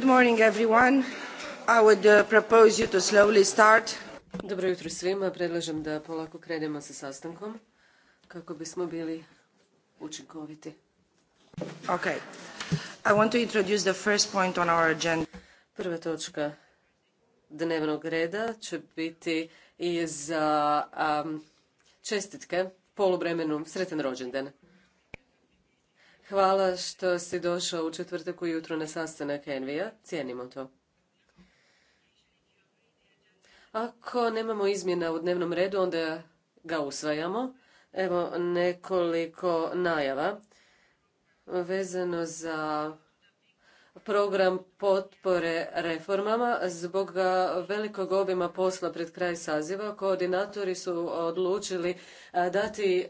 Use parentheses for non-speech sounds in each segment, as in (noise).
Good morning everyone. Uh, to start. Dobro jutro svima, predlažem da polako krenemo sa sastankom kako bismo bili učinkoviti. to introduce first point on our Prva točka dnevnog reda će biti iz za um, čestitke polubremenu sretan rođendan. Hvala što si došao u četvrtak ujutro na sastanak Envija. Cijenimo to. Ako nemamo izmjena u dnevnom redu, onda ga usvajamo. Evo nekoliko najava vezano za program potpore reformama. Zbog velikog obima posla pred kraj saziva, koordinatori su odlučili dati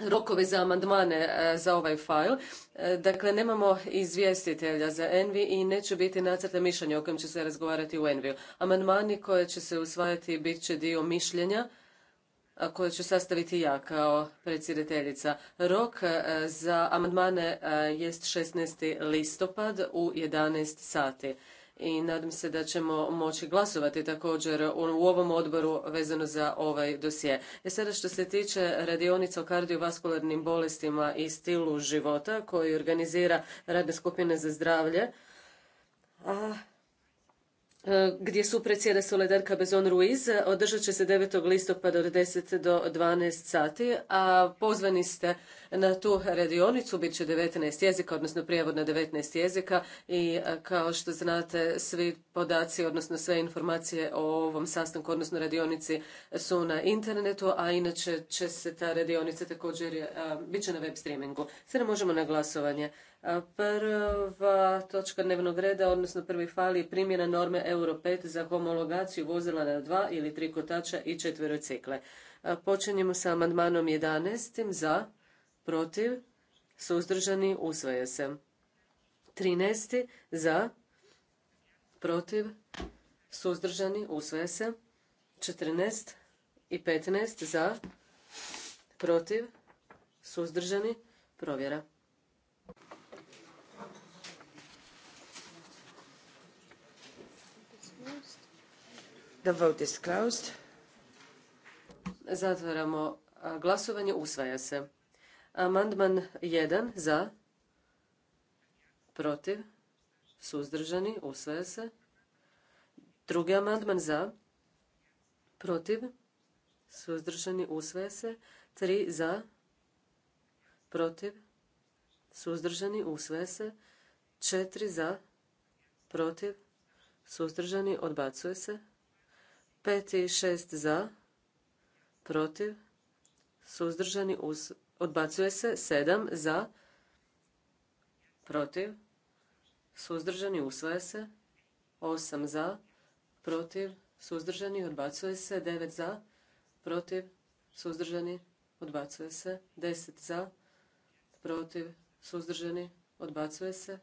rokove za amandmane e, za ovaj fajl. E, dakle, nemamo izvjestitelja za Envi i neće biti nacrta mišljenja o kojem će se razgovarati u Enviju. Amandmani koje će se usvajati bit će dio mišljenja a koje ću sastaviti ja kao predsjedateljica. Rok e, za amandmane jest 16. listopad u 11 sati i nadam se da ćemo moći glasovati također u ovom odboru vezano za ovaj dosje. E sada što se tiče radionica o kardiovaskularnim bolestima i stilu života koji organizira radne skupine za zdravlje, a, e, gdje su predsjeda Soledarka Bezon Ruiz, održat će se 9. listopada od 10 do 12 sati, a pozvani ste na tu radionicu bit će 19 jezika, odnosno prijevod na 19 jezika i e, kao što znate svi podaci, odnosno sve informacije o ovom sastanku, odnosno radionici su na internetu, a inače će se ta radionica također, e, bit će na web streamingu. Sada možemo na glasovanje. E, prva točka dnevnog reda, odnosno prvi fali primjena norme Euro 5 za homologaciju vozila na dva ili tri kotača i cikle. Počinjemo sa amandmanom 11. za protiv, suzdržani, usvaja se. 13. za, protiv, suzdržani, usvaja se. 14 i 15 za, protiv, suzdržani, provjera. The vote is closed. Zatvaramo glasovanje, usvaja se. Amandman 1 za, protiv, suzdržani, usvaja se. Drugi amandman za, protiv, suzdržani, usvaja se. 3 za, protiv, suzdržani, usvaja se. 4 za, protiv, suzdržani, odbacuje se. 5 i 6 za, protiv, suzdržani, usvaja Odbacuje se 7 za, protiv, suzdržani, usvaja se 8 za, protiv, suzdržani, odbacuje se 9 za, protiv, suzdržani, odbacuje se 10 za, protiv, suzdržani, odbacuje se.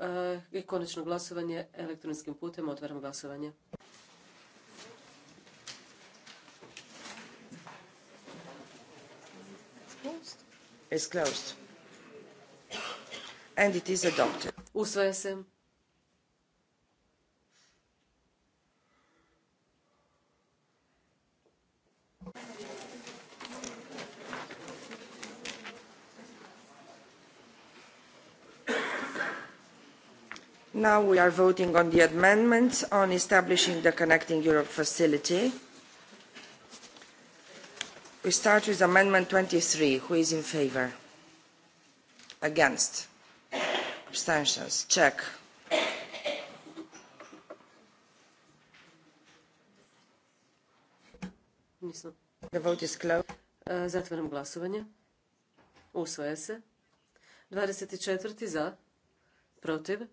E, I konačno glasovanje elektronskim putem otvaram glasovanje. and it is adopted. Now we are voting on the amendments on establishing the Connecting Europe facility. We start with amendment 23. Who is in favor? Against? Abstentions? Check. The vote is closed. E, zatvaram glasovanje. Usvaja se. 24. za. Protiv.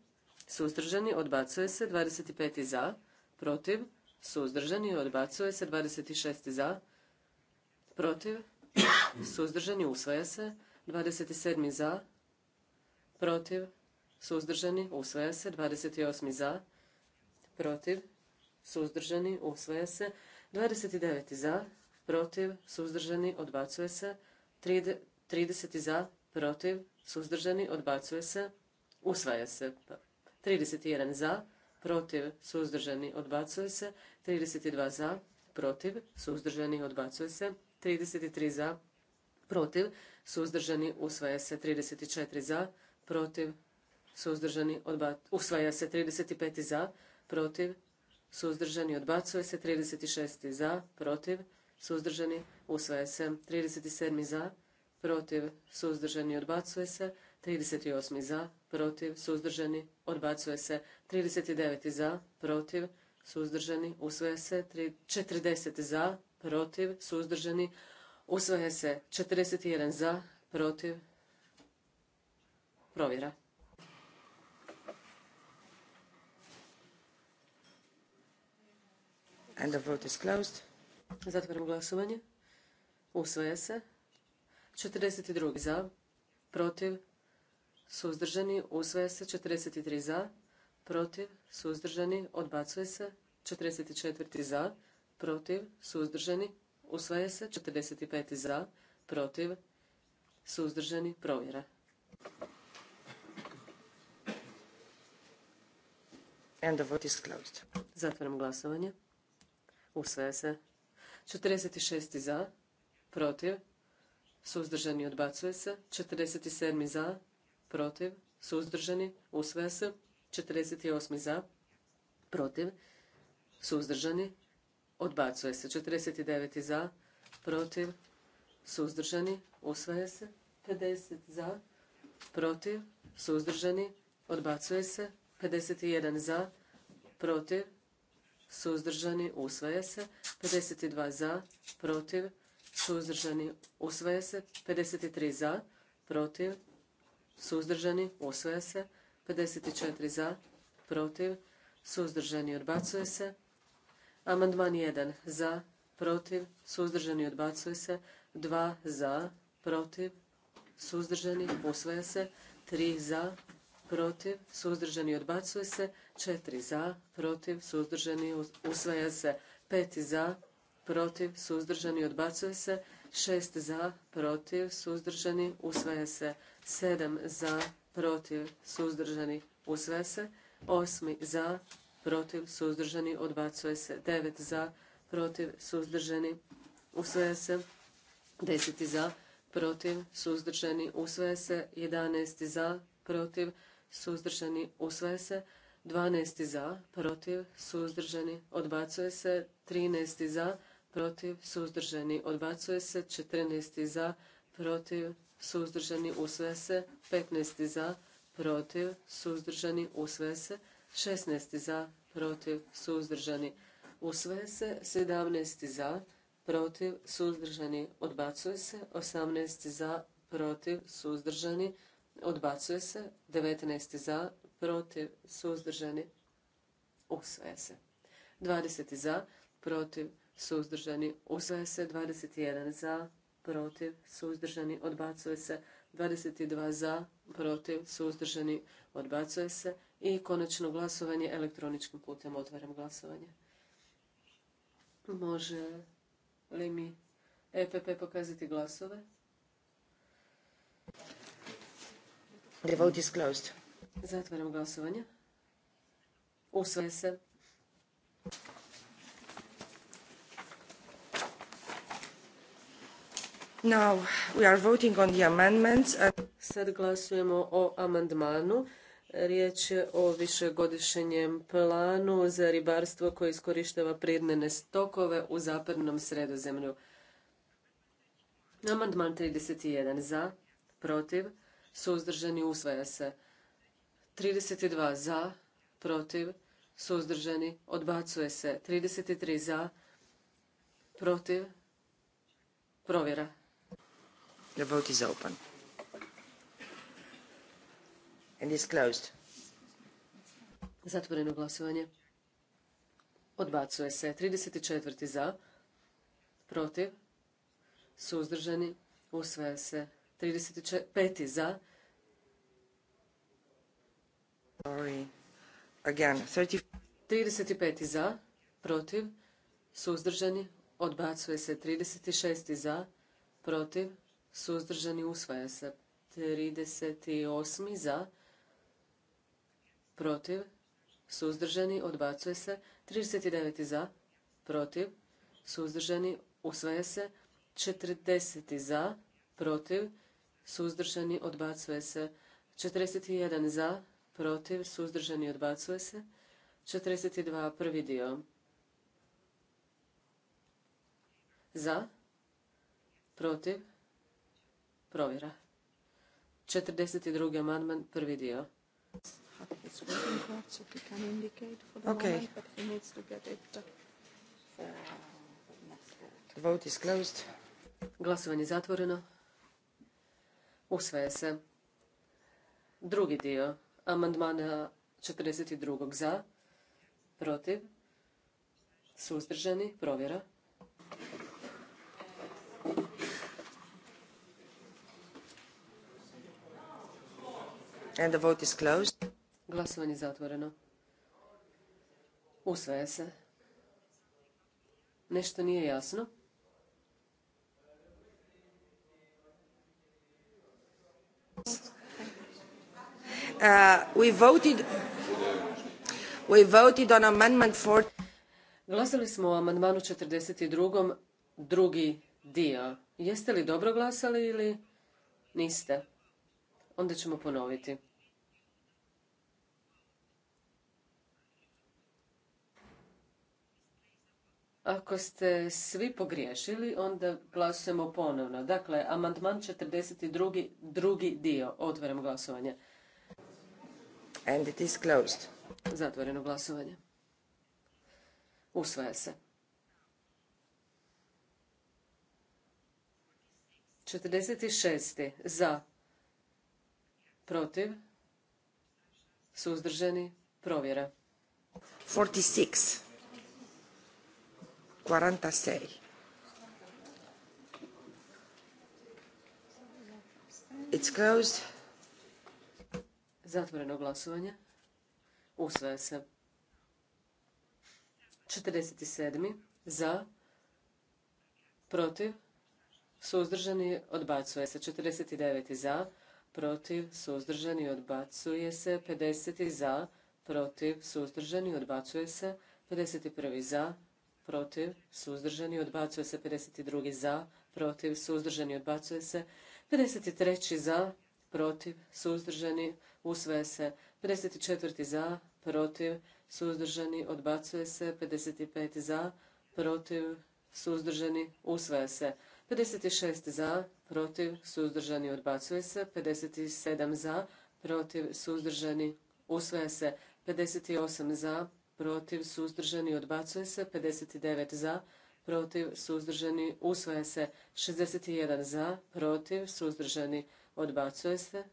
Suzdržani. Odbacuje se. 25. za. Protiv. Suzdržani. Odbacuje se. 26. za protiv, suzdržani, usvaja se. 27. za, protiv, suzdržani, usvaja se. 28. za, protiv, suzdržani, usvaja se. 29. za, protiv, suzdržani, odbacuje se. 30. za, protiv, suzdržani, odbacuje se. Usvaja se. 31 za, protiv, suzdržani, odbacuje se. 32 za, protiv, suzdržani, odbacuje se. 33 za, protiv, suzdržani, usvaja se 34 za, protiv, suzdržani, usvaja se 35 za, protiv, suzdržani, odbacuje se 36 za, protiv, suzdržani, usvaja se 37 za, protiv, suzdržani, odbacuje se 38 za, protiv, suzdržani, odbacuje se 39 za, protiv, suzdržani, usvaja se 40 za, protiv, suzdržani, usvaja se 41 za, protiv, provjera. And the vote is closed. Zatvaram glasovanje. Usvaja se. 42 za, protiv, suzdržani, usvaja se. 43 za, protiv, suzdržani, odbacuje se. 44 za, protiv, suzdržani, usvaja se. 45. za, protiv, suzdržani, provjera. And the is closed. Zatvaram glasovanje. Usvaja se. 46. za, protiv, suzdržani odbacuje se. 47. za, protiv, suzdržani, usvaja se. 48. za, protiv, suzdržani, Odbacuje se. 49. za, protiv, suzdržani, usvaja se. 50 za, protiv, suzdržani, odbacuje se. 51 za, protiv, suzdržani, usvaja se. 52 za, protiv, suzdržani, usvaja se. 53 za, protiv, suzdržani, usvaja se. 54 za, protiv, suzdržani, odbacuje se. Amandman 1 za, protiv, suzdržani odbacuje se. 2 za, protiv, suzdržani usvaja se. 3 za, protiv, suzdržani odbacuje se. 4 za, protiv, suzdržani usvaja se. 5 za, protiv, suzdržani odbacuje se. 6 za, protiv, suzdržani usvaja se. 7 za, protiv, suzdržani usvaja se. 8 za, protiv, suzdržani, odbacuje se. devet za, protiv, suzdržani, usvaja se. deseti za, protiv, suzdržani, usvaja se. 11 za, protiv, suzdržani, usvaja se. 12 za, protiv, suzdržani, odbacuje se. 13 za, protiv, suzdržani, odbacuje se. 14 za, protiv, suzdržani, usvaja se. 15 za, protiv, suzdržani, usvaja se. 16. za, protiv, suzdržani, usvaja se. 17. za, protiv, suzdržani, odbacuje se. 18. za, protiv, suzdržani, odbacuje se. 19. za, protiv, suzdržani, usvaja se. 20. za, protiv, suzdržani, usvaja se. 21. za, protiv, suzdržani, odbacuje se. 22. za, protiv, suzdržani, odbacuje se i konačno glasovanje elektroničkim putem. Otvaram glasovanje. Može li mi EPP pokazati glasove? The vote Zatvaram glasovanje. Usvaja se. Now we are voting on the Sad glasujemo o amandmanu. Riječ je o višegodišnjem planu za ribarstvo koje iskorištava prirodne stokove u zapadnom sredozemlju. Amandman 31 za, protiv, suzdržani usvaja se. 32 za, protiv, suzdržani odbacuje se. 33 za, protiv, provjera. The vote is open. And is closed. Zatvoreno glasovanje. Odbacuje se. 34. za. Protiv. Suzdržani. Usvaja se. 35. za. Sorry. Again, 30... 35. za. Protiv. Suzdržani. Odbacuje se. 36. za. Protiv suzdržani usvaja se. 38. za, protiv, suzdržani odbacuje se. 39. za, protiv, suzdržani usvaja se. 40. za, protiv, suzdržani odbacuje se. 41. za, protiv, suzdržani odbacuje se. 42. prvi dio. Za, protiv, Provjera. 42. amandman, prvi dio. vote is closed. Glasovanje zatvoreno. Usvaje se. Drugi dio amandmana 42. za, protiv, suzdržani, provjera. And the vote is closed. Glasovanje je zatvoreno. Usvaja se. Nešto nije jasno. Uh, we voted, we on amendment for... Glasali smo o amandmanu 42. drugi dio. Jeste li dobro glasali ili niste? Onda ćemo ponoviti. Ako ste svi pogriješili, onda glasujemo ponovno. Dakle, amandman 42. drugi dio. Otvaram glasovanje. And it is closed. Zatvoreno glasovanje. Usvaja se. 46. Za. Protiv. Suzdržani. Provjera. 46. 46 It's closed. Zatvoreno glasovanje. Usvaja se. 47. Za. Protiv. Suzdržani odbacuje se. 49. Za. Protiv. Suzdržani odbacuje se. 50. Za. Protiv. Suzdržani odbacuje se. 51. Za protiv, suzdržani, odbacuje se 52. za, protiv, suzdržani, odbacuje se 53. za, protiv, suzdržani, usvaja se 54. za, protiv, suzdržani, odbacuje se 55. za, protiv, suzdržani, usvaja se 56. za, protiv, suzdržani, odbacuje se 57. za, protiv, suzdržani, usvaja se 58. za, protiv, suzdržani, odbacuje se. 59 za, protiv, suzdržani, usvaja se. 61 za, protiv, suzdržani, odbacuje se.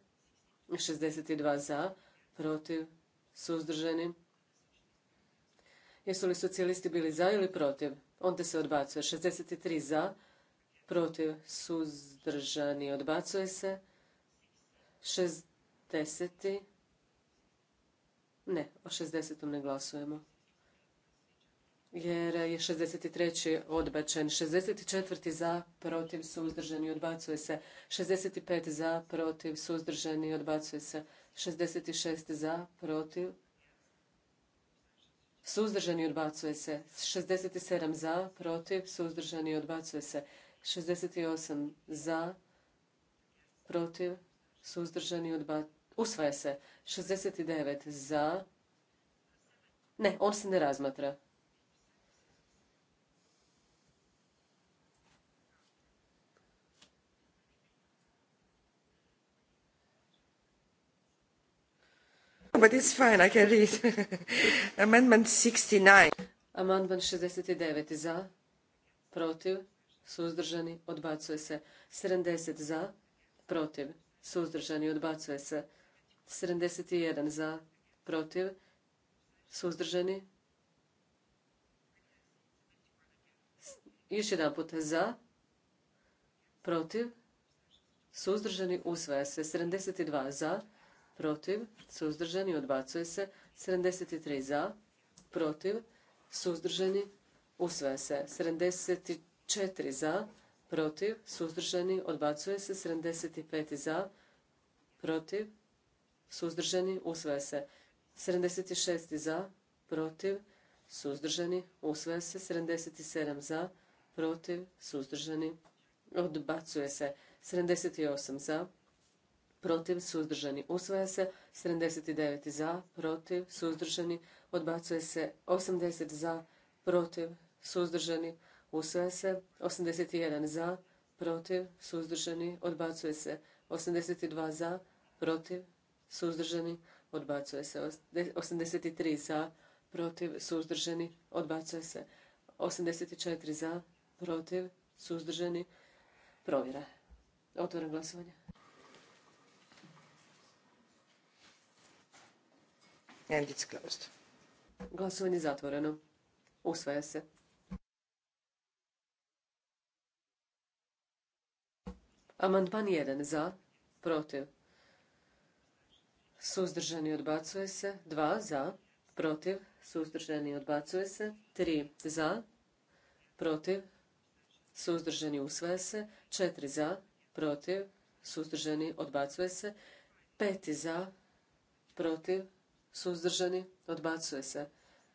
62 za, protiv, suzdržani. Jesu li socijalisti bili za ili protiv? Onda se odbacuje. 63 za, protiv, suzdržani, odbacuje se. 60 ne, o 60. ne glasujemo. Jer je 63. odbačen. 64. za, protiv, suzdržani, odbacuje se. 65. za, protiv, suzdržani, odbacuje se. 66. za, protiv, suzdržani, odbacuje se. 67. za, protiv, suzdržani, odbacuje se. 68. za, protiv, suzdržani, odbacuje se Usvaja se. 69 za. Ne, on se ne razmatra. But it's fine, I can read. (laughs) Amendment 69. Amendment 69 za, protiv, suzdržani, odbacuje se. 70 za, protiv, suzdržani, odbacuje se. 71 za, protiv, suzdržani. Još jedan put. za, protiv, suzdržani, usvaja se. 72 za, protiv, suzdržani, odbacuje se. 73 za, protiv, suzdržani, usvaja se. 74 za, protiv, suzdržani, odbacuje se. 75 za, protiv, suzdržani, usvaja se. 76 za, protiv, suzdržani, usvaja se. 77 za, protiv, suzdržani, odbacuje se. 78 za, protiv, suzdržani, usvaja se. 79 za, protiv, suzdržani, odbacuje se. 80 za, protiv, suzdržani, usvaja se. 81 za, protiv, suzdržani, odbacuje se. 82 za, protiv, suzdržani, odbacuje se. 83 za, protiv, suzdržani, odbacuje se. 84 za, protiv, suzdržani, provjera. Otvoreno glasovanje. And it's Glasovanje zatvoreno. Usvaja se. Amandman 1 za, protiv, suzdržani odbacuje se, 2 za, protiv, suzdržani odbacuje se, 3 za, protiv, suzdržani usvaje se, 4 za, protiv, suzdržani odbacuje se, 5 za, protiv, suzdržani odbacuje se,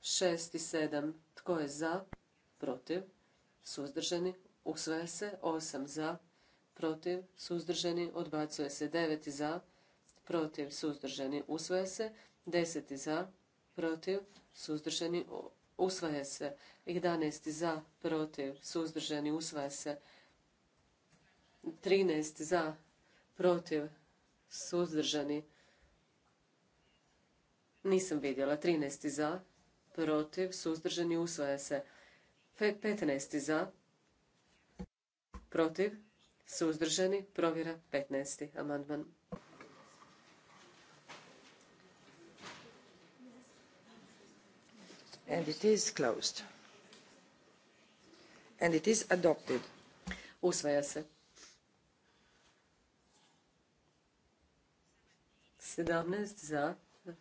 6 i 7 tko je za, protiv, suzdržani usvaja se, 8 za, protiv, suzdržani odbacuje se, 9 za, protiv, suzdržani, usvaja se. 10 za, protiv, suzdržani, usvaja se. 11 za, protiv, suzdržani, usvaja se. 13 za, protiv, suzdržani. Nisam vidjela. 13 za, protiv, suzdržani, usvaja se. 15 za, protiv, suzdržani, provjera 15. amandman. and it is closed and it is adopted usvaja se 17 za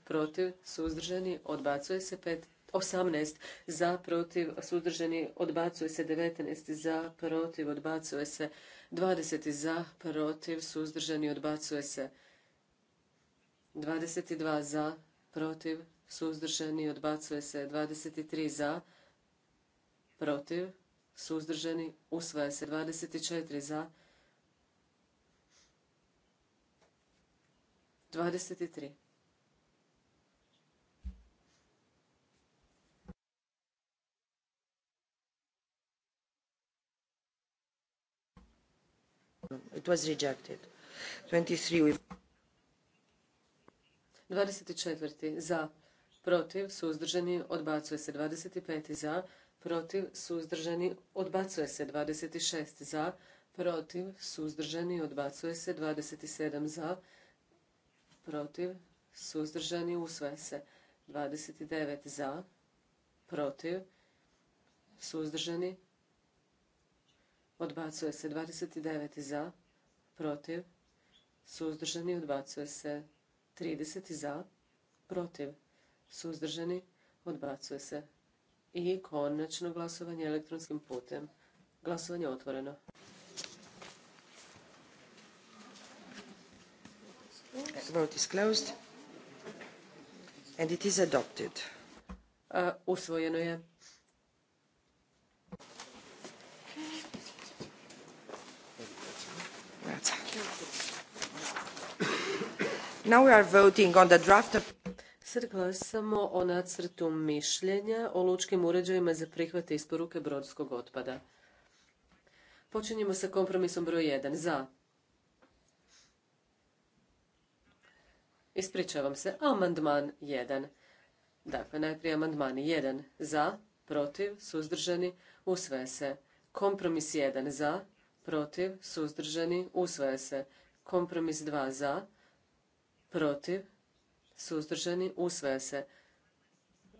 protiv suzdržani odbacuje se 5 18 za protiv suzdržani odbacuje se 19 za protiv odbacuje se 20 za protiv suzdržani odbacuje se 22 za protiv suzdržani, odbacuje se 23 za, protiv, suzdržani, usvaja se 24 za, 23. It was rejected. 23 we... 24. Za protiv, suzdržani, odbacuje se 25. za, protiv, suzdržani, odbacuje se 26. za, protiv, suzdržani, odbacuje se 27. za, protiv, suzdržani, usvaja se 29. za, protiv, suzdržani, odbacuje se 29. za, protiv, suzdržani, odbacuje se 30. za, protiv, suzdržani, odbacuje se. I konačno glasovanje elektronskim putem. Glasovanje otvoreno. Vote is closed. And it is adopted. usvojeno je. Now we are voting on the draft of Sad glasamo o nacrtu mišljenja o lučkim uređajima za prihvat isporuke brodskog otpada. Počinjemo sa kompromisom broj 1. Za. Ispričavam se. Amandman 1. Dakle, najprije amandman 1. Za, protiv, suzdržani, usvaja se. Kompromis 1. Za, protiv, suzdržani, usvaja se. Kompromis 2. Za, protiv, suzdržani, usvaja se.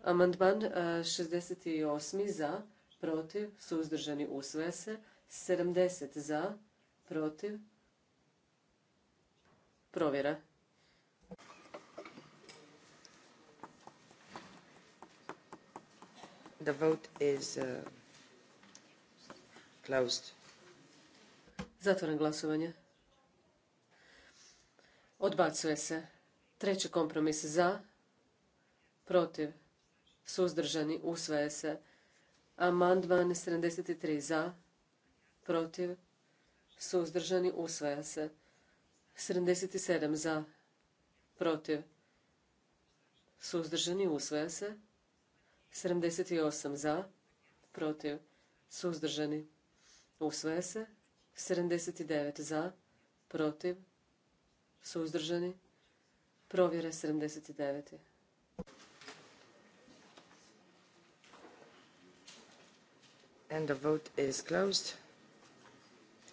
Amandman 68. E, za, protiv, suzdržani, usvaja se. 70 za, protiv, provjera. The vote is uh, closed. Zatvoren glasovanje. Odbacuje se. Treći kompromis za, protiv, suzdržani, usvaja se. Amandman 73 za, protiv, suzdržani, usvaja se. 77 za, protiv, suzdržani, usvaja se. 78 za, protiv, suzdržani, usvaja se. 79 za, protiv, suzdržani, Provjera 79. And the vote is closed.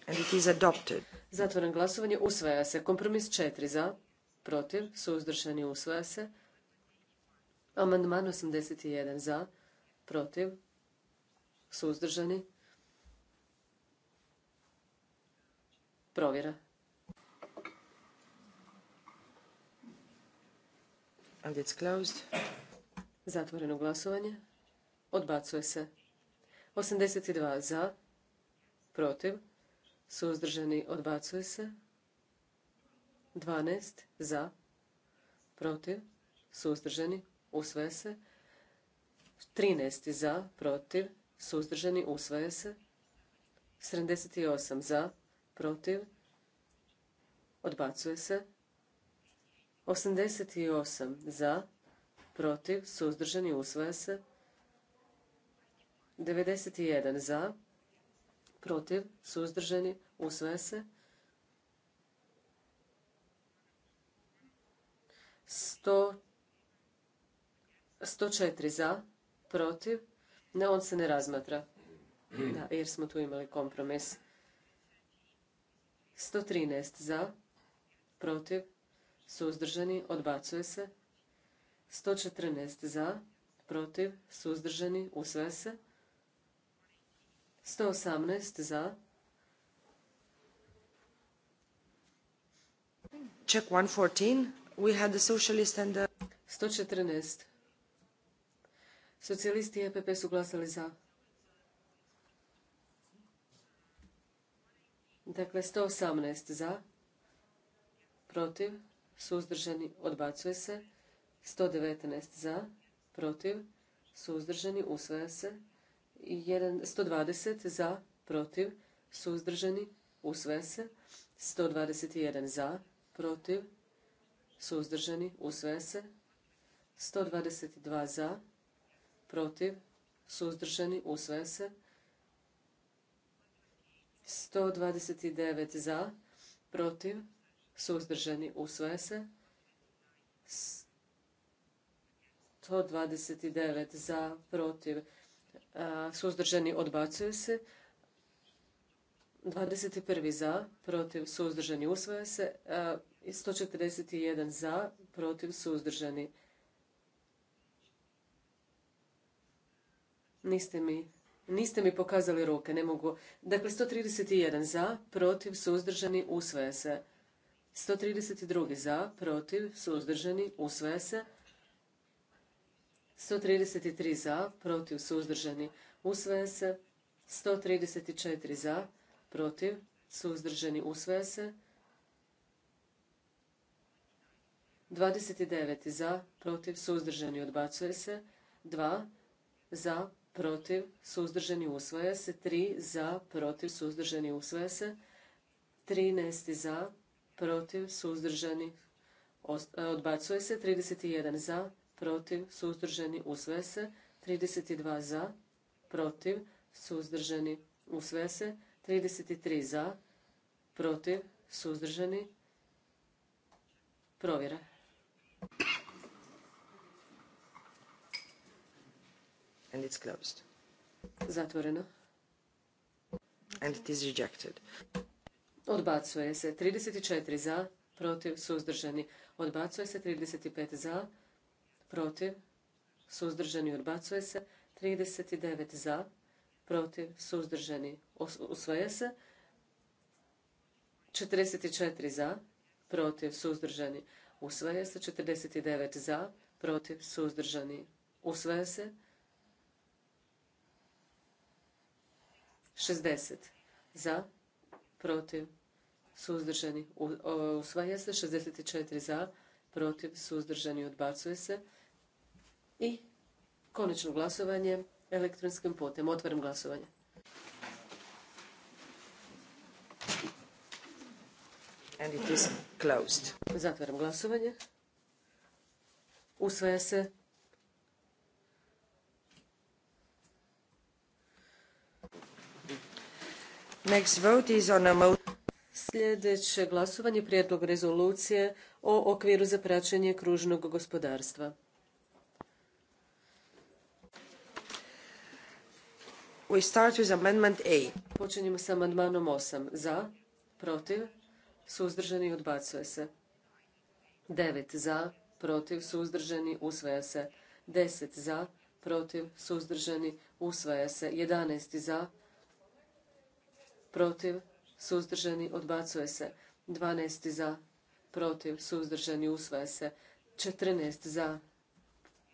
And it is adopted. Zatvoren glasovanje usvaja se. Kompromis 4 za, protiv, suzdržani usvaja se. Amandman 81 za, protiv, suzdržani. Provjera. And it's closed. Zatvoreno glasovanje. Odbacuje se. 82 za. Protiv. Suzdržani odbacuje se. 12 za. Protiv. Suzdržani usvaja se. 13 za. Protiv. Suzdržani usvaja se. 78 za. Protiv. Odbacuje se. 88 za, protiv, suzdržani, usvaja se. 91 za, protiv, suzdržani, usvaja se. 104 za, protiv, ne, on se ne razmatra, da, jer smo tu imali kompromis. 113 za, protiv, suzdržani, odbacuje se. 114 za, protiv, suzdržani, Usve se. 118 za. Check 114. We had the socialist and the... 114. Socijalisti i EPP su glasali za. Dakle, 118 za, protiv, suzdržani, odbacuje se. 119 za, protiv, suzdržani, usvaja se. 120 za, protiv, suzdržani, usvaja se. 121 za, protiv, suzdržani, usvaja se. 122 za, protiv, suzdržani, usvaja se. 129 za, protiv, suzdržani, usvoje se. 129 e, za, protiv, suzdržani, odbacuje se. 21 za, protiv, suzdržani, usvoje se. 141 za, protiv, suzdržani. Niste mi, niste mi pokazali ruke, ne mogu. Dakle, 131 za, protiv, suzdržani, usvaja se. 132. za, protiv, suzdržani, usvaja se. 133 za, protiv, suzdržani, usvaja se. 134 za, protiv, suzdržani, usvaja se. 29 za, protiv, suzdržani, odbacuje se. 2 za, protiv, suzdržani, usvaja se. 3 za, protiv, suzdržani, usvaja se. 13 za, protiv, suzdržani, e, odbacuje se. 31 za, protiv, suzdržani, usve se. 32 za, protiv, suzdržani, usve se. 33 za, protiv, suzdržani, provjera. And it's closed. Zatvoreno. And it is rejected. Odbacuje se 34 za, protiv, suzdržani. Odbacuje se 35 za, protiv, suzdržani. Odbacuje se 39 za, protiv, suzdržani. Usvaja se 44 za, protiv, suzdržani. Usvaja se 49 za, protiv, suzdržani. Usvaja se 60 za, protiv, suzdržani, usvaja se. 64 za, protiv, suzdržani, odbacuje se. I konačno glasovanje elektronskim putem. Otvaram glasovanje. And it is closed. Zatvaram glasovanje. Usvaja se. Next vote is on a Sljedeće glasovanje prijedlog rezolucije o okviru za praćenje kružnog gospodarstva. We start with amendment A. Počinjemo sa amandmanom 8. Za, protiv, suzdržani, odbacuje se. 9. Za, protiv, suzdržani, usvaja se. 10. Za, protiv, suzdržani, usvaja se. 11. Za, protiv, suzdržani, odbacuje se. 12 za, protiv, suzdržani, usvaja se. 14 za,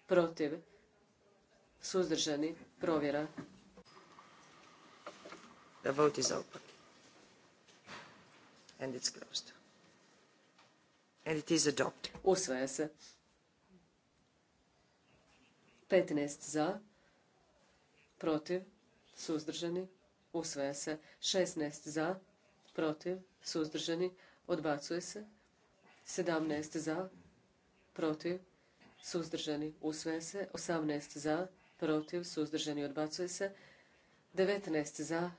protiv, suzdržani, provjera. The vote is open. And it's closed. And it is adopted. Usvaja se. 15 za, protiv, suzdržani, usvaja se. 16 za, protiv, suzdržani, odbacuje se. 17 za, protiv, suzdržani, usvaja se. 18 za, protiv, suzdržani, odbacuje se. 19 za,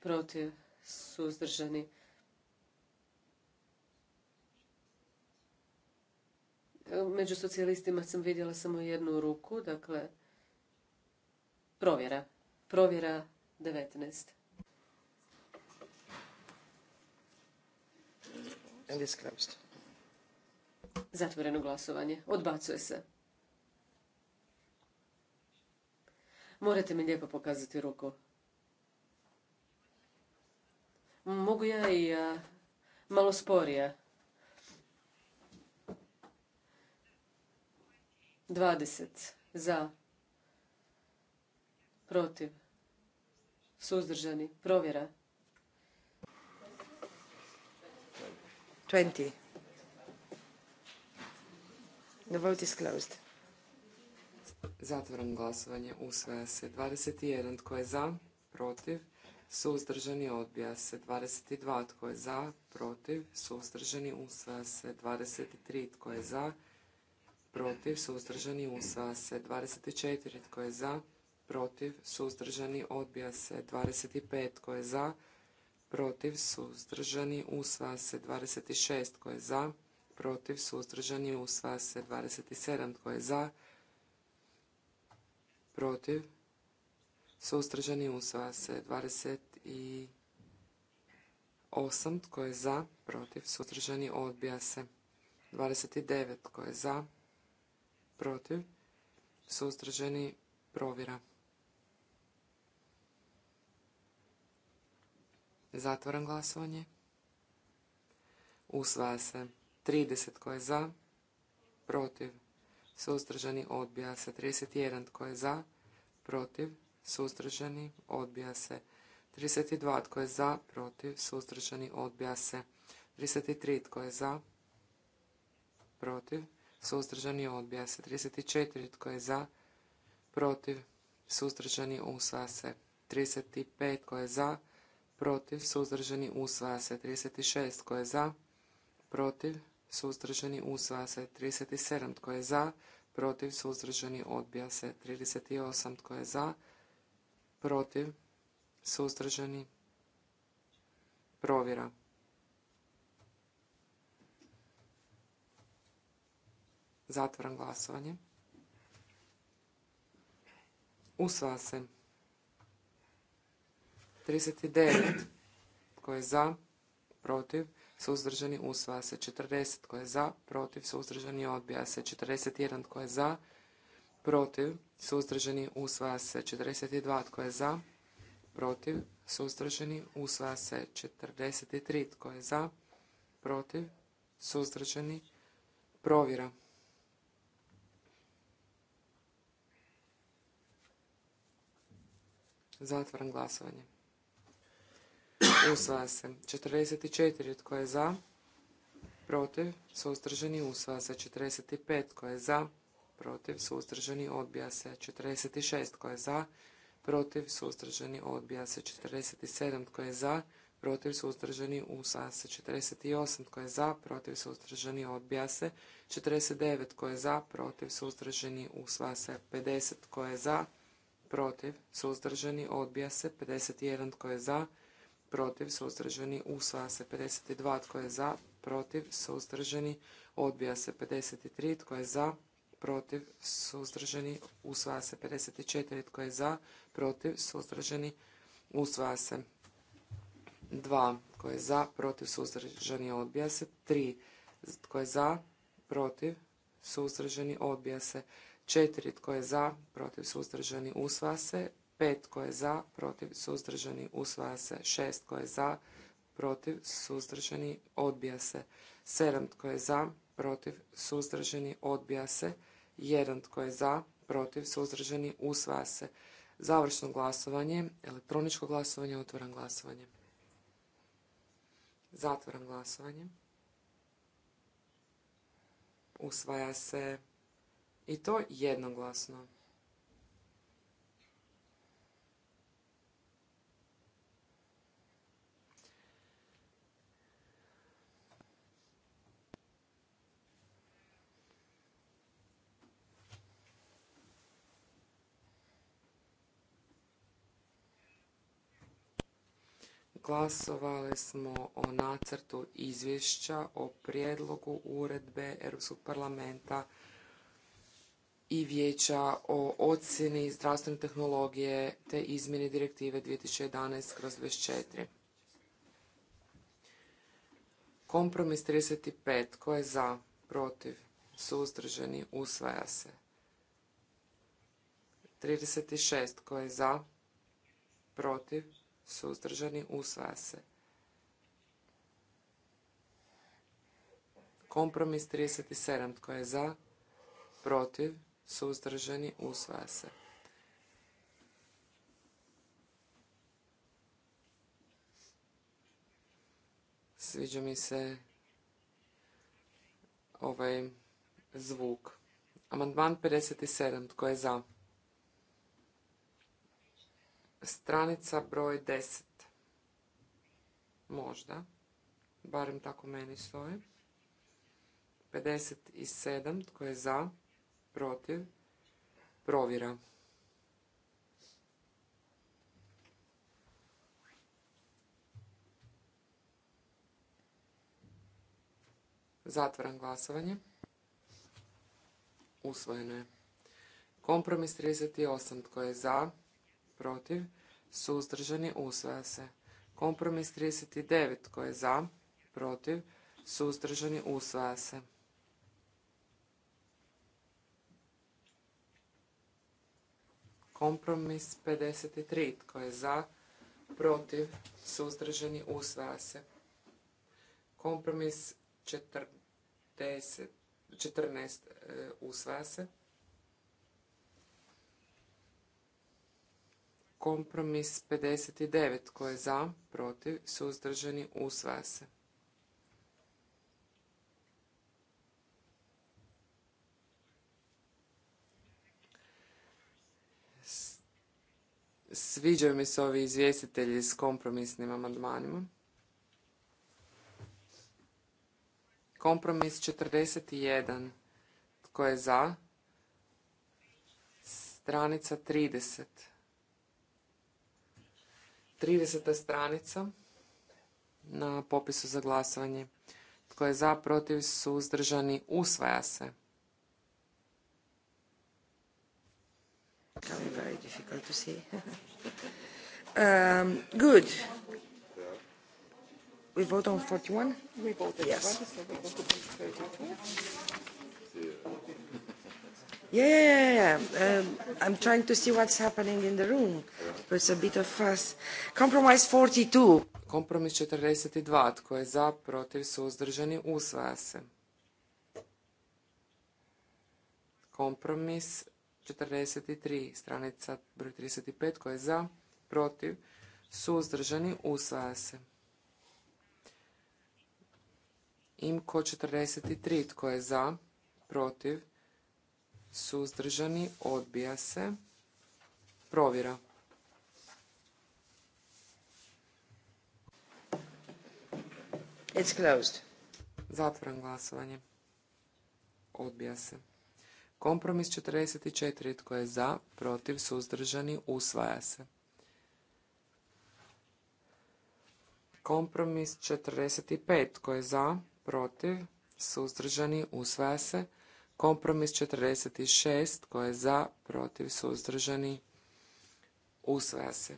protiv, suzdržani, Među socijalistima sam vidjela samo jednu ruku, dakle, provjera. Provjera 19. Zatvoreno glasovanje. Odbacuje se. Morate mi lijepo pokazati ruku. Mogu ja i malo sporije. 20 za protiv suzdržani provjera 20. The vote is closed. Zatvoram glasovanje. Usvaja se 21. Tko je za? Protiv. Suzdržani odbija se 22. Tko je za? Protiv. Suzdržani usvaja se 23. Tko je za? Protiv. Suzdržani usvaja se 24. Tko je za? Protiv. Suzdržani odbija se 25. Tko je za? Protiv protiv, suzdržani, usvaja se 26 tko je za, protiv, suzdržani, usvaja se 27 tko je za, protiv, suzdržani, usvaja se 28 tko je za, protiv, suzdržani, odbija se 29 tko je za, protiv, suzdržani, provjera. Zatvoram glasovanje. Usvaja se. 30 koje je za, protiv, suzdržani, odbija se. 31 tko je za, protiv, suzdržani, odbija se. 32 tko je za, protiv, suzdržani, odbija se. 33 tko je za, protiv, suzdržani, odbija se. 34 tko je za, protiv, suzdržani, usvaja se. 35 tko je za, protiv, suzdržani, usvaja se. 36. Tko je za? Protiv, suzdržani, usvaja se. 37. Tko je za? Protiv, suzdržani, odbija se. 38. Tko je za? Protiv, suzdržani, provjera. Zatvaram glasovanje. Usvaja se. 39. Koje je za? Protiv? Suzdržani? Usvaja se. 40. Koje je za? Protiv? Suzdržani? Odbija se. 41. Koje je za? Protiv? Suzdržani? Usvaja se. 42. Tko je za? Protiv? Suzdržani? Usvaja se. 43. Tko je za? Protiv? Suzdržani? Provjera. Zatvaram glasovanje usvaja se. 44 tko je za, protiv, suzdržani, usvaja se. 45 tko je za, protiv, suzdržani, odbija se. 46 tko je za, protiv, suzdržani, odbija se. 47 tko je za, protiv, suzdržani, usvaja se. 48 tko je za, protiv, suzdržani, odbija se. 49 tko je za, protiv, suzdržani, usvaja se. 50 tko je za, protiv, suzdržani, odbija se. 51 tko je za, protiv, suzdržani, usvaja se 52, tko je za, protiv, suzdržani, odbija se 53, tko je za, protiv, suzdržani, usvaja se 54, tko je za, protiv, suzdržani, usvaja se 2, tko je za, protiv, suzdržani, odbija se 3, tko je za, protiv, suzdržani, odbija se 4, tko je za, protiv, suzdržani, usvaja se 5 koje je za, protiv, suzdržani, usvaja se. 6 koje je za, protiv, suzdržani, odbija se. 7 tko je za, protiv, suzdržani, odbija se. 1 tko je za, protiv, suzdržani, usvaja se. Završno glasovanje, elektroničko glasovanje, otvoran glasovanje. Zatvoran glasovanje. Usvaja se i to jednoglasno. glasovali smo o nacrtu izvješća o prijedlogu uredbe Europskog parlamenta i vijeća o ocjeni zdravstvene tehnologije te izmjeni direktive 2011/24. Kompromis 35. Ko je za? Protiv? Suzdržani? Usvaja se. 36. Ko je za? Protiv? suzdržani, usvaja se. Kompromis 37. Tko je za? Protiv? Suzdržani? Usvaja se. Sviđa mi se ovaj zvuk. Amandman 57. Tko je za? stranica broj 10. Možda. Barem tako meni stoje. 57. Tko je za? Protiv? Provjera. Zatvaram glasovanje. Usvojeno je. Kompromis 38. Tko je za? protiv, suzdržani, usvaja se. Kompromis 39 tko je za, protiv, suzdržani, usvaja se. Kompromis 53 tko je za, protiv, suzdržani, usvaja se. Kompromis 14 e, usvaja se. Kompromis 59. Tko je za? Protiv? Suzdržani? Usvaja se. Sviđaju mi se ovi izvjestitelji s kompromisnim amandmanima. Kompromis 41. Tko je za? Stranica 30. 30. stranica na popisu za glasovanje. Tko je za, protiv, suzdržani, usvaja se. Very difficult to see. (laughs) um, good. We vote on 41? We vote on yes. 41, so we vote on Yeah, yeah, yeah. Um, I'm trying to see what's happening in the room. It's a bit of fuss. Compromise 42. Kompromis 42. Tko je za, protiv, suzdržani, usvaja se. Kompromis 43. Stranica broj 35. Tko je za, protiv, suzdržani, usvaja se. Imko 43. Tko je za, protiv, suzdržani, odbija se. Provjera. It's closed. glasovanje. Odbija se. Kompromis 44. Tko je za, protiv, suzdržani, usvaja se. Kompromis 45. Tko je za, protiv, suzdržani, usvaja se. Kompromis 46 koje je za, protiv, suzdržani, usvaja se.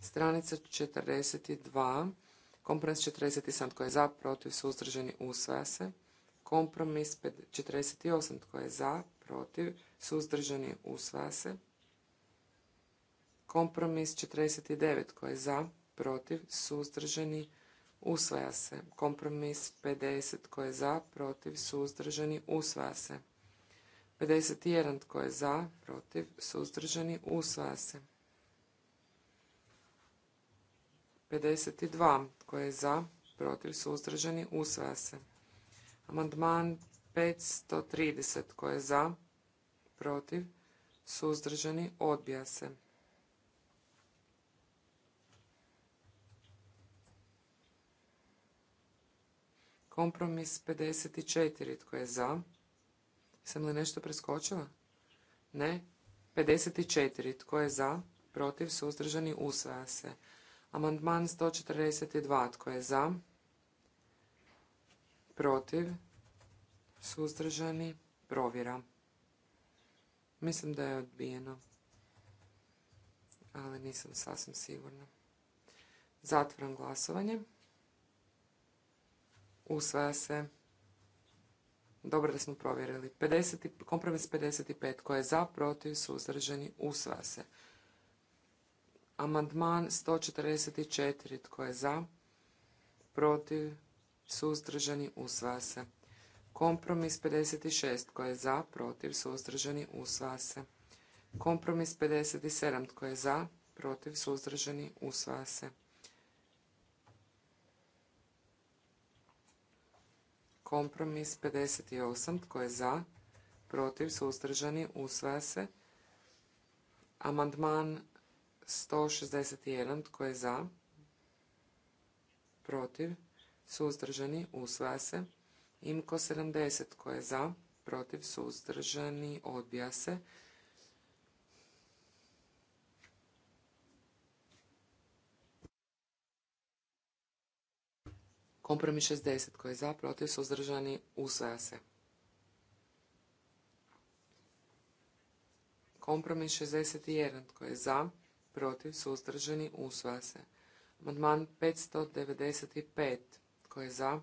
Stranica 42, kompromis 47 tko je za, protiv, suzdržani, usvaja se. Kompromis 48 tko je za, protiv, suzdržani, usvaja se. Kompromis 49 tko je za, protiv, suzdržani, usvaja usvaja se. Kompromis 50 tko je za, protiv, suzdržani, usvaja se. 51 tko je za, protiv, suzdržani, usvaja se. 52 tko je za, protiv, suzdržani, usvaja se. Amandman 530 tko je za, protiv, suzdržani, odbija se. Kompromis 54. Tko je za? Sam li nešto preskočila? Ne. 54. Tko je za? Protiv, suzdržani, usvaja se. Amandman 142. Tko je za? Protiv, suzdržani, provjera. Mislim da je odbijeno. Ali nisam sasvim sigurna. Zatvoram glasovanje usvaja se. Dobro da smo provjerili. kompromis 55 koje je za, protiv, suzdržani, usvaja se. Amandman 144 tko je za, protiv, suzdržani, usvaja se. Kompromis 56 koje je za, protiv, suzdržani, usvaja se. Kompromis 57 tko je za, protiv, suzdržani, usvaja se. Kompromis 58. Tko je za? Protiv? Suzdržani? Usvaja se. Amandman 161. Tko je za? Protiv? Suzdržani? Usvaja se. Imko 70. Tko je za? Protiv? Suzdržani? Odbija se. Kompromis 60 koji je za, protiv, suzdržani, usvaja se. Kompromis 61 koji je za, protiv, suzdržani, usvaja se. Amandman 595 koji je za,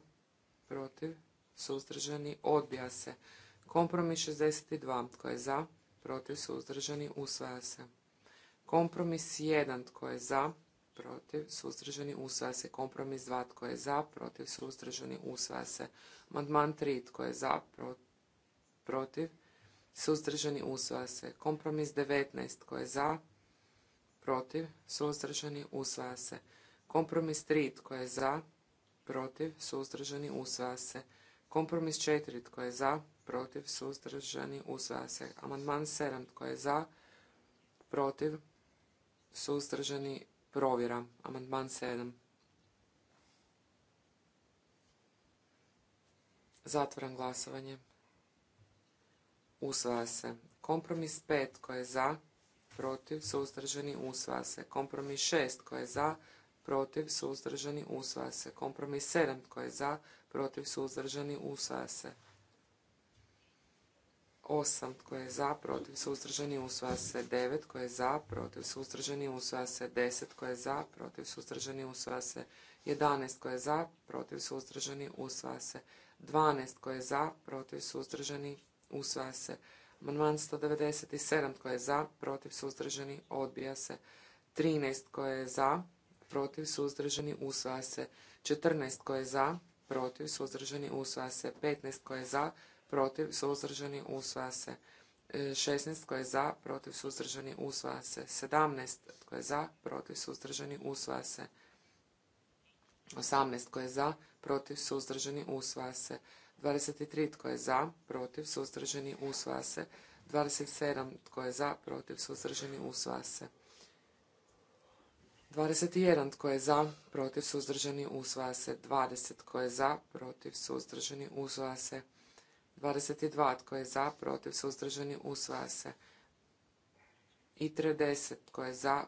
protiv, suzdržani, odbija se. Kompromis 62 tko je za, protiv, suzdržani, usvaja se. Kompromis 1 tko je za, protiv, suzdržani, usvaja se. Kompromis 2, tko je za, protiv, suzdržani, usvaja se. Amandman 3, tko je za, protiv, suzdržani, usvaja se. Kompromis 19, tko je za, protiv, suzdržani, usvaja se. Kompromis 3, tko je za, protiv, suzdržani, usvaja se. Kompromis 4, tko je za, protiv, suzdržani, usvaja se. Amandman 7, tko je za, protiv, suzdržani, Provjera. Amandman 7. Zatvoram glasovanje. Usvaja se. Kompromis 5 koje je za, protiv, suzdržani, usvaja se. Kompromis 6 koje je za, protiv, suzdržani, usvaja se. Kompromis 7 koje je za, protiv, suzdržani, usvaja se. 8 tko je za, protiv, suzdržani, usvaja se 9 tko je za, protiv, suzdržani, usvaja se 10 tko je za, protiv, suzdržani, usvaja se 11 tko je za, protiv, suzdržani, usvaja se 12 tko je za, protiv, suzdržani, usvaja se Amandman 197 tko je za, protiv, suzdržani, odbija se 13 tko je za, protiv, suzdržani, usvaja se 14 tko je za, protiv, suzdržani, usvaja se 15 tko je za, protiv, suzdržani, usvaja se. 16 e, tko je za, protiv, suzdržani, usvaja se. 17 tko je za, protiv, suzdržani, usvaja se. 18 tko je za, protiv, suzdržani, usvaja se. 23 tko je za, protiv, suzdržani, usvaja se. 27 tko je za, protiv, suzdržani, usvaja se. 21 tko je za, protiv, suzdržani, usvaja se. 20 tko je za, protiv, suzdržani, usvaja se. 22. Tko je za, protiv, suzdržani, usvaja se. I 30. Tko je za,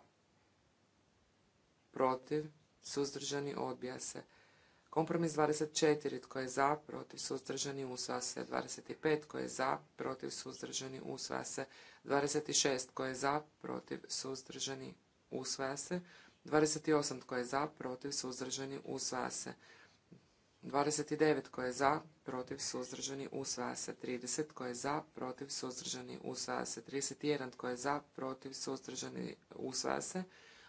protiv, suzdržani, odbija se. Kompromis 24. Tko je za, protiv, suzdržani, usvaja se. 25. Tko je za, protiv, suzdržani, usvaja se. 26. Tko je za, protiv, suzdržani, usvaja se. 28. Tko je za, protiv, suzdržani, usvaja se. 29 koje je za, protiv, suzdržani, usvaja se 30 koje je za, protiv, suzdržani, usvaja se 31 koje je za, protiv, suzdržani, usvaja se.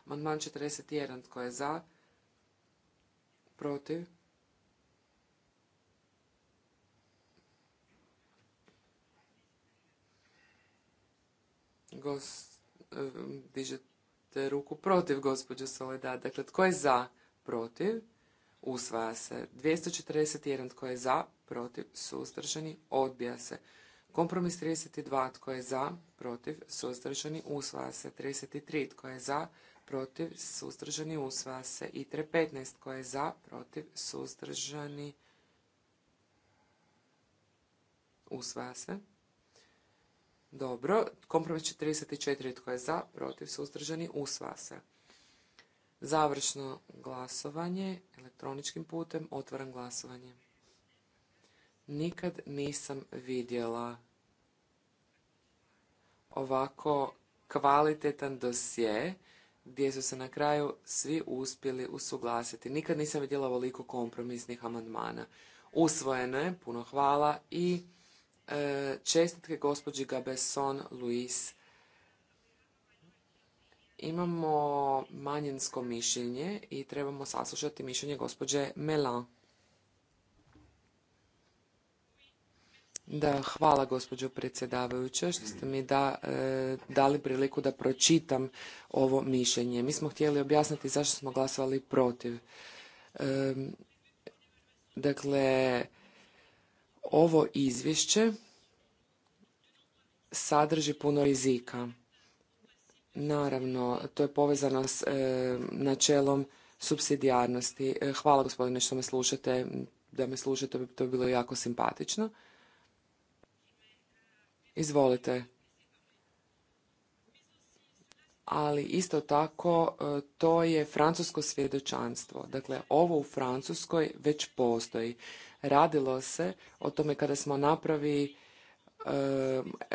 Amandman 41 koje je za, protiv, eh, dižete ruku protiv gospođe Soledad. Dakle, tko je za? Protiv? usvaja se. 241 tko je za, protiv, suzdržani, odbija se. Kompromis 32 tko je za, protiv, suzdržani, usvaja se. 33 tko je za, protiv, suzdržani, usvaja se. I 315 tko je za, protiv, suzdržani, usvaja se. Dobro, kompromis 34 tko je za, protiv, suzdržani, usvaja se. Završno glasovanje elektroničkim putem, otvaram glasovanje. Nikad nisam vidjela ovako kvalitetan dosje gdje su se na kraju svi uspjeli usuglasiti. Nikad nisam vidjela ovoliko kompromisnih amandmana. Usvojeno je, puno hvala i e, čestitke gospođi Gabeson Luis Imamo manjinsko mišljenje i trebamo saslušati mišljenje gospođe Melan. Da, hvala gospođo predsjedavajuća što ste mi da, e, dali priliku da pročitam ovo mišljenje. Mi smo htjeli objasniti zašto smo glasovali protiv. E, dakle, ovo izvješće sadrži puno rizika Naravno, to je povezano s e, načelom subsidijarnosti. E, hvala gospodine što me slušate, da me slušate, to bi bilo jako simpatično. Izvolite. Ali isto tako e, to je francusko svjedočanstvo. Dakle, ovo u Francuskoj već postoji. Radilo se o tome kada smo napravi,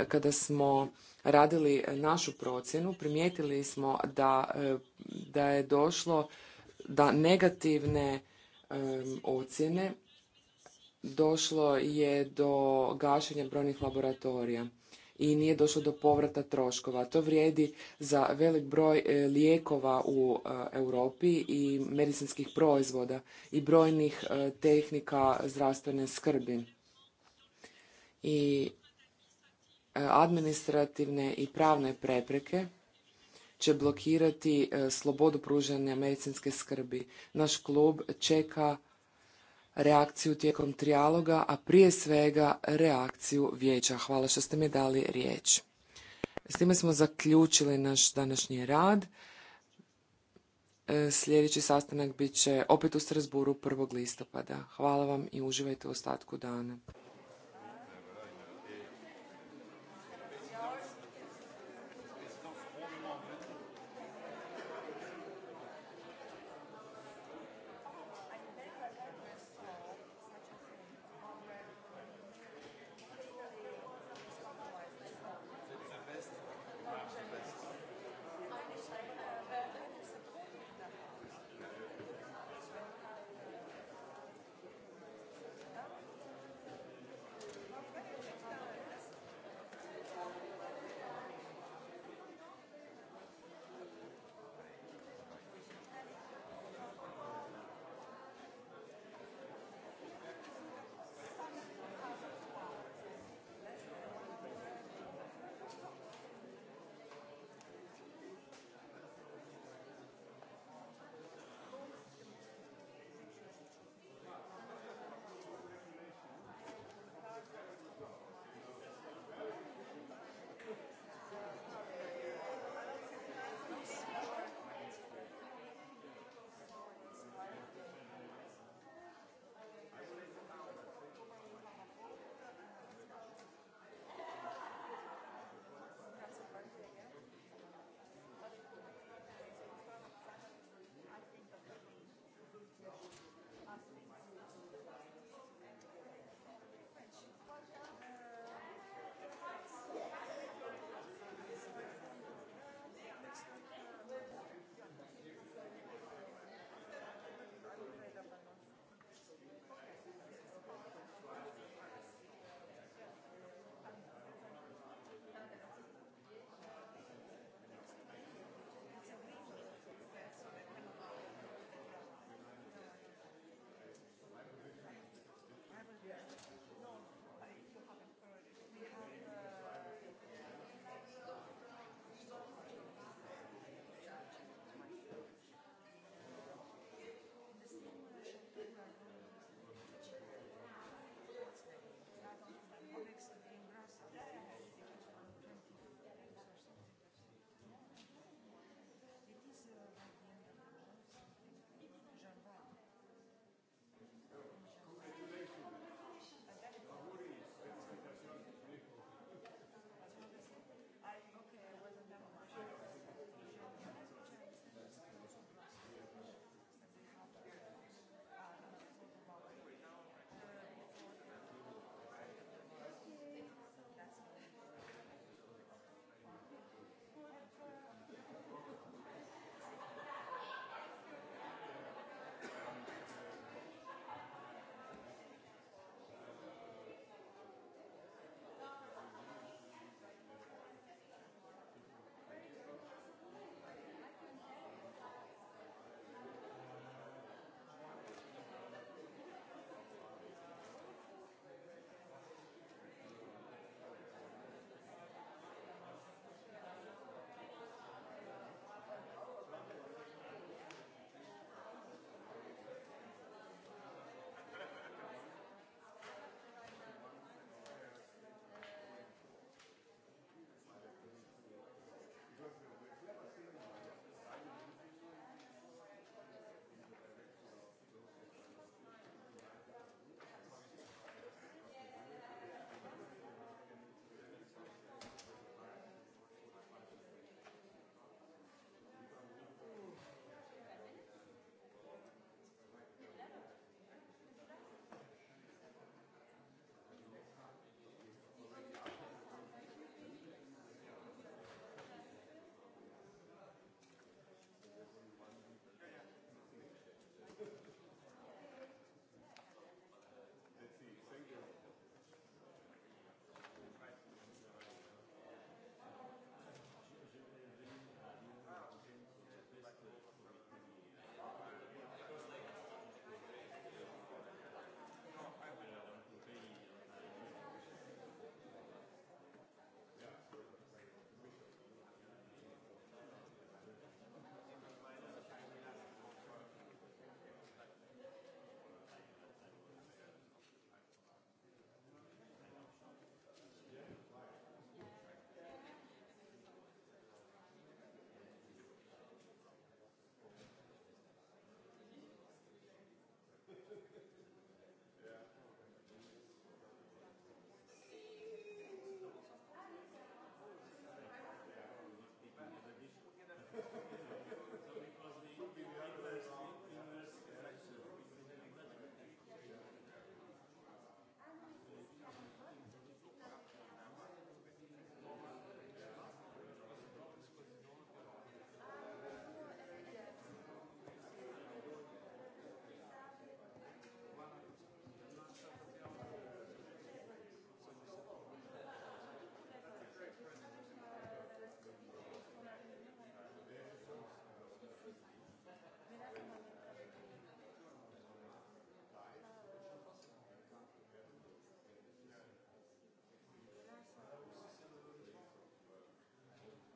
kada smo radili e, našu procjenu, primijetili smo da, e, je došlo da negativne e, ocjene došlo je do gašenja brojnih laboratorija i nije došlo do povrata troškova. To vrijedi za velik broj lijekova u Europi i medicinskih proizvoda i brojnih tehnika zdravstvene skrbi. I E, administrativne i pravne prepreke će blokirati e, slobodu pružanja medicinske skrbi. Naš klub čeka reakciju tijekom trijaloga, a prije svega reakciju vijeća. Hvala što ste mi dali riječ. S time smo zaključili naš današnji rad. E, sljedeći sastanak bit će opet u Strasburu 1. listopada. Hvala vam i uživajte u ostatku dana.